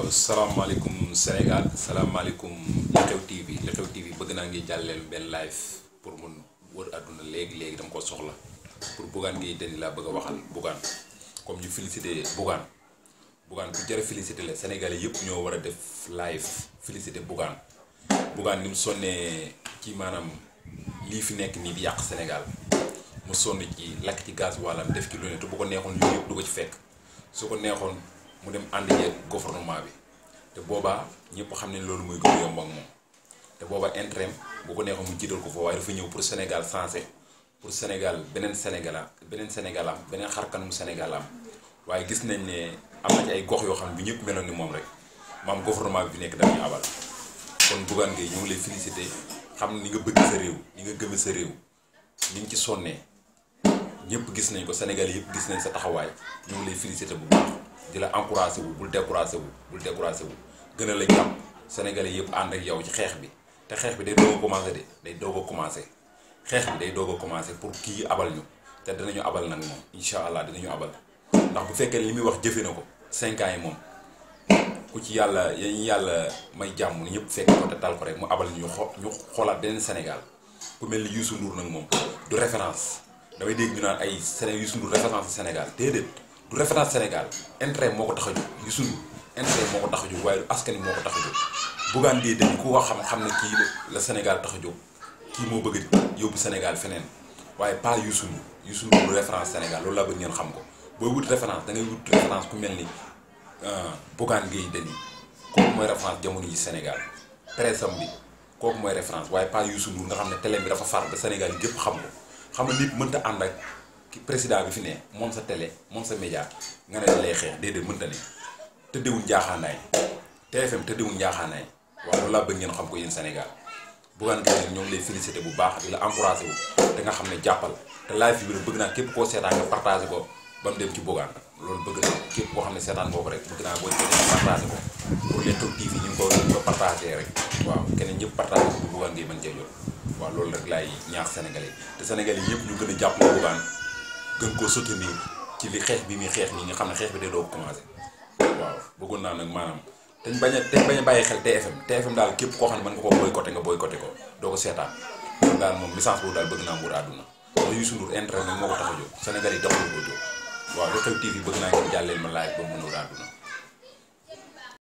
waaw salaamaaleykum Sénégal salaamaaleykum Lu Xew TV Lu Xew TV bëgg naa ngi jàllale benn live pour mun wër àdduna léegi léegi dama ko soxla pour Bougane Gueye Dany laa bëgg a waxal Bougane comme ñu félicité Bougane Bougane ku jar félicité yëpp ñoo war a def live félicité Bougane Bougane ni mu sonnee ci maanaam lii fi nekk nii di yàq Sénégal mu sonn ci lakk ci gaz wàllam def ci lu ne te bu ko neexoon yooyu du ko ci fekk su ko neexoon. mu dem ànd yeeg gouvernement bi te boobaa ñëpp xam ne loolu mooy gën a ak moom te boobaa intérêt boo ko neexoon mu jiital ko fa waaye dafa ñëw pour Sénégal sensé pour Sénégal beneen Sénégala beneen Sénégalam beneen xarkan mu Sénégalam waaye gis nañ ne am na ci ay gox yoo xam ne bu ñëpp meloon ni moom rek maam gouvernement bi nekk dañuy abal kon Bougane Gueye ñu ngi lay félicité xam ni nga bëgg sa réew ni nga gëme sa réew ni nga ci sonnee ñëpp gis nañ ko Sénégal yëpp gis nañ sa taxawaay ñu ngi lay félicité bu di la encouragé wu bul découragé wu bul découragé wu gën a la jàpp sénégal yëpp ànd ak yow ci xeex bi te xeex bi day doog a commencé de day doog a commencé xeex bi day doog a commencé pour kii abal ñu te dinañu abal nag moom incha allah dinañu abal ndax bu fekkee li muy wax jëfe na ko cinq yi moom ku ci yàlla yañu yàlla may jàmm ñëpp fekk ko te tal ko rek mu abal ñu xo ñu xoolaat beneen Sénégal ku mel ni Youssou Ndour nag moom du référence damay dégg ñu ay Séné Youssou Ndour Sénégal déedéet. du référence Sénégal intérêt moo ko tax a jóg Youssou Ndour intérêt moo ko tax a jóg waaye lu askan wi moo ko tax a jóg Bougane Gueye Dany ku ko xam xam ne kii la Sénégal tax a jóg moo bëgg yóbbu Sénégal feneen waaye pas Youssou Ndour Youssou Ndour du référence Sénégal loolu laa xam ko booy wut da ngay wut référence ku mel ni euh, Bougane Gueye Dany kooku mooy référence jamono yi Sénégal presse am bi kooku mooy référence waaye pas Youssou Ndour nga xam ne télé bi dafa far ba Sénégal yëpp xam ko xam nga nit mënta ànd ak ki président bi fi ne moom sa télé moom sa média nga ne da lay xeex déedéet mënta ne tëddeewul njaaxaanaay TFM tëddeewul njaaxaanaay waaw loolu laa bëgg ngeen xam ko yéen Sénégal Bougane Gueye ñoo ngi lay bu baax di la encouragé wu te nga xam ne jàppal te live bi bëgg naa képp koo seetaan nga partagé ko ba mu dem ci Bougane loolu bëgg naa xam ne seetaan boobu rek bëgg naa boo seetaan partagé ko pour rek waaw ñëpp partagé ko bu Bougane Gueye waaw loolu rek laay ñaax Sénégalais te Sénégalais yëpp ñu gën a jàppale Bougane gën koo soutenir ci li xeex bi muy xeex nii nga xam ne xeex bi day doo commencé waaw bëggoon naa nag maanaam dañ bañ a dañ bañ a bàyyi xel TFM TFM daal képp koo xam ne mën nga koo boycotté nga boycotté ko doo ko seetaan moom daal moom licence boobu daal bëgg naa nguur àdduna ndax Youssou Ndour intérêt nag moo ko tax a jóg Sénégal yi taxul ko jóg waaw Lu Xew TV bëgg naa ngeen jàlleel ma live ba mu mën a àdduna